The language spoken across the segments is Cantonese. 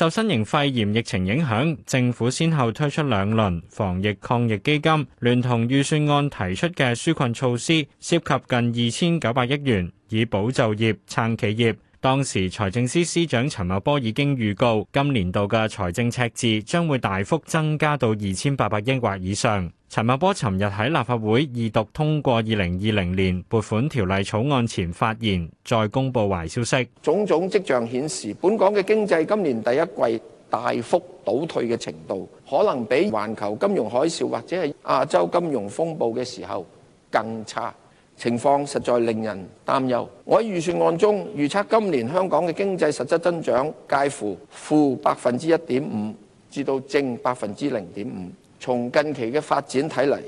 受新型肺炎疫情影響，政府先後推出兩輪防疫抗疫基金，聯同預算案提出嘅紓困措施，涉及近二千九百億元，以保就業、撐企業。當時財政司司長陳茂波已經預告，今年度嘅財政赤字將會大幅增加到二千八百億或以上。陳茂波尋日喺立法會二讀通過2020年撥款條例草案前發言，再公布壞消息。種種跡象顯示本港嘅經濟今年第一季大幅倒退嘅程度，可能比環球金融海嘯或者係亞洲金融風暴嘅時候更差，情況實在令人擔憂。我喺預算案中預測今年香港嘅經濟實質增長介乎負百分之一點五至到正百分之零點五從近期嘅發展睇嚟，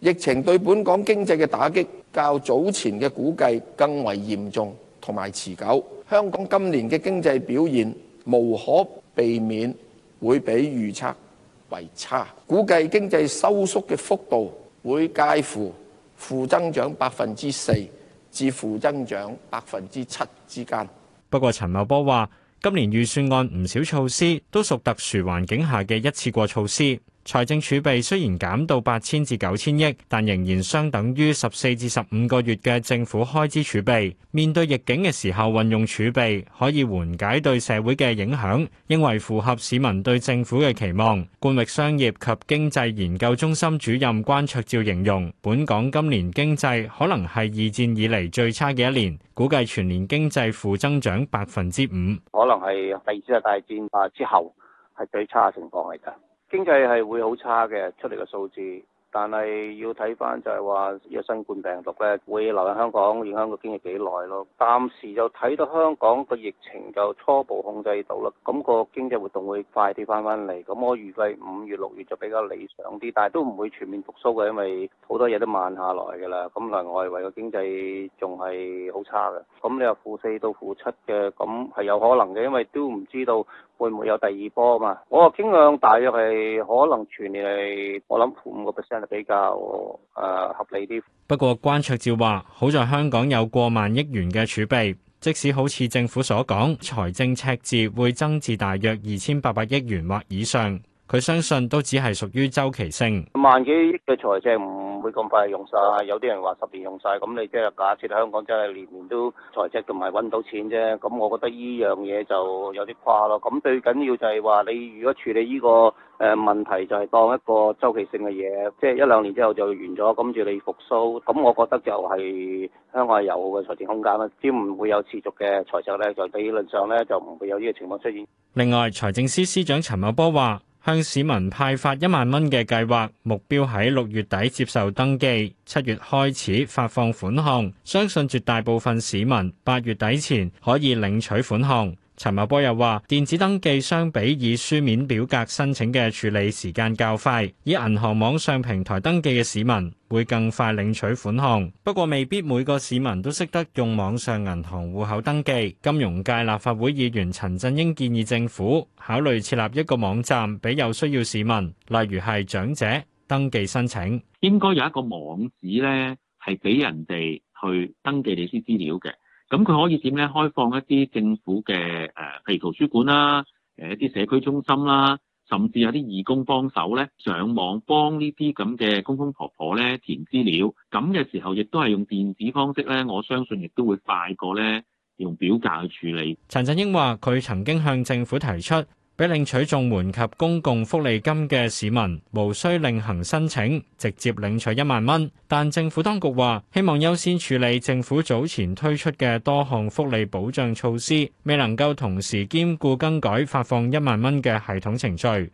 疫情對本港經濟嘅打擊較早前嘅估計更為嚴重同埋持久。香港今年嘅經濟表現無可避免會比預測為差，估計經濟收縮嘅幅度會介乎負增長百分之四至負增長百分之七之間。不過，陳茂波話，今年預算案唔少措施都屬特殊環境下嘅一次過措施。財政儲備雖然減到八千至九千億，但仍然相等於十四至十五個月嘅政府開支儲備。面對逆境嘅時候，運用儲備可以緩解對社會嘅影響，因為符合市民對政府嘅期望。冠域商業及經濟研究中心主任關卓照形容，本港今年經濟可能係二戰以嚟最差嘅一年，估計全年經濟負增長百分之五，可能係第二次大戰啊之後係最差嘅情況嚟㗎。經濟係會好差嘅，出嚟嘅數字。但係要睇翻就係話，有新冠病毒咧會留喺香港，影響個經濟幾耐咯。暫時就睇到香港個疫情就初步控制到啦，咁個經濟活動會快啲翻翻嚟。咁我預計五月、六月就比較理想啲，但係都唔會全面復甦嘅，因為好多嘢都慢下來㗎啦。咁另外圍個經濟仲係好差嘅。咁你話負四到負七嘅，咁係有可能嘅，因為都唔知道會唔會有第二波啊嘛。我個傾向大約係可能全年係我諗負五個 percent。比較合理啲。不過關卓照話，好在香港有過萬億元嘅儲備，即使好似政府所講，財政赤字會增至大約二千八百億元或以上，佢相信都只係屬於周期性。萬幾億嘅財政。會咁快用晒，有啲人話十年用晒。咁你即係假設香港真係年年都財赤，同埋揾到錢啫，咁我覺得呢樣嘢就有啲誇咯。咁最緊要就係話你如果處理呢個誒問題，就係當一個周期性嘅嘢，即係一兩年之後就完咗，跟住你復甦，咁我覺得就係香港有嘅財政空間啦，只唔會有持續嘅財赤咧，在理論上咧就唔會有呢個情況出現。另外，財政司司長陳茂波話。向市民派發一萬蚊嘅計劃，目標喺六月底接受登記，七月開始發放款項，相信絕大部分市民八月底前可以領取款項。陳茂波又話：電子登記相比以書面表格申請嘅處理時間較快，以銀行網上平台登記嘅市民會更快領取款項。不過未必每個市民都識得用網上銀行戶口登記。金融界立法會議員陳振英建議政府考慮設立一個網站，俾有需要市民，例如係長者登記申請。應該有一個網址咧，係俾人哋去登記你啲資料嘅。咁佢可以點咧？開放一啲政府嘅，誒，譬如圖書館啦，誒，一啲社區中心啦，甚至有啲義工幫手咧，上網幫呢啲咁嘅公公婆婆咧填資料。咁嘅時候亦都係用電子方式咧，我相信亦都會快過咧用表格去處理。陳振英話：佢曾經向政府提出。俾領取綜援及公共福利金嘅市民，無需另行申請，直接領取一萬蚊。但政府當局話，希望優先處理政府早前推出嘅多項福利保障措施，未能夠同時兼顧更改發放一萬蚊嘅系統程序。